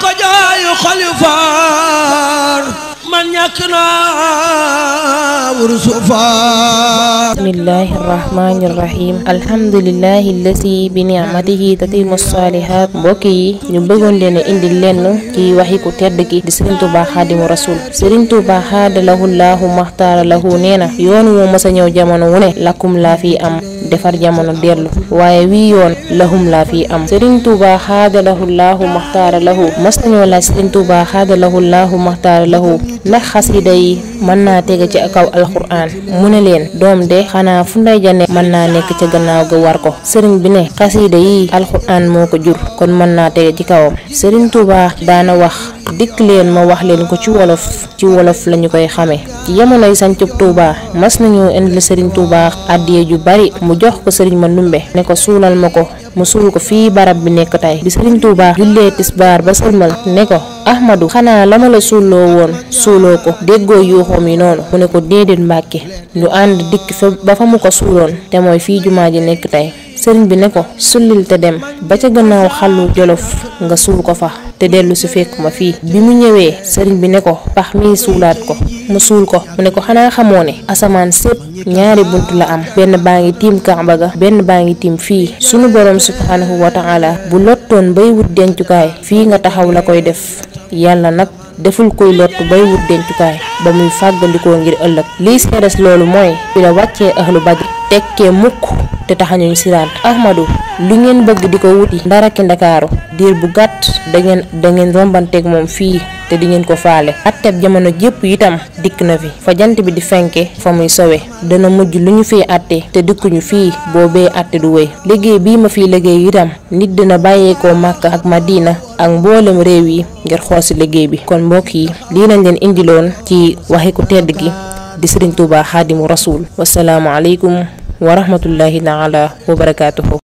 ko jooyu xoli foor man ñàkk naa بسم الله الرحمن الرحيم الحمد لله الذي بنعمته تتم الصالحات yi ñu bëggoon leen indi lenn ci waxi ku tedd ki di Serigne Touba Xaadimu Rasul Serigne Touba xaadalahu laahu yoon wu ñëw jamono lakkum laa fi am defar jamono dellu waaye wii yoon lahum laa fi am Serigne Touba xaadalahu laahu maxtaara lahu mës nañoo laaj Serigne ndax xasida yi mën naa tege ci kaw alxuraan mu ne leen doom de xanaa fu ndey ja ne mën naa nekk ca gannaaw ga war ko sëriñ bi ne xasiida yi alxuraan moo ko jur kon mën naa tege ci kawam sëriñ Tuubaa daana wax dikk leen ma wax leen ko ci wolof ci wolof lañu koy xamee ci jamonoy sancub Tuubaa mas nañu indil sëriñ Tuubaa àddiya ju bari mu jox ko sëriñ Mandumbe ne ko suulal ma ko mu suul ko fii barab bi nekk tey bi sëriñ Touba jullee tisbaar ba sëlmal ne ko Ahmadu xanaa la ma la suuloo woon suuloo ko déggoo yuuxoom yi noonu mu ne ko déedéet Mbàkke lu ànd dikk fa ba fa mu ko suuloon te mooy fii jumaa ji nekk tey sëriñ bi ne ko sullil te dem ba ca gannaaw xàllu jolof nga suul ko fa te dellu si fekk ma fii bi mu ñëwee sëriñ bi ne ko pax mi suulaat ko mu suul ko mu ne ko xanaa xamoo ne asamaan sépp ñaari bunt la am benn baa ngi tiim Kaaba benn baa ngi tiim fii sunu borom subhaanahu wa taala bu lottoon bay wut dencukaay fii nga taxaw la koy def yàlla nag deful koy lott bay wut dencukaay ba muy fàggandikoo ngir ëllëg liy seedes loolu mooy fi la wàccee ahlu badri tekkee mukk te taxañuñ siraat ahmadu lu ngeen bëgg di ko wuti ndara ki ndakaaru diir bu gàtt da ngeen da ngeen rombanteeg moom fii te di ngeen ko faale atteb jamono jépp itam dikk na fi fa jant bi di fenke fa muy sowe dana mujj lu ñu fi atte te dikkuñu fii boobee atte du wéy liggéey bii ma fiy liggéey itam nit dina bàyyeekoo màkk ak Madina ak mboolem réew yi ngir xoosi liggéey bi kon mbokk yi lii na leen indiloon ci waxi ku tedd gi di Sëriñ Tuubaa Xaadimu Rasuul wasalaamu aleykum wa rahmatullahi taala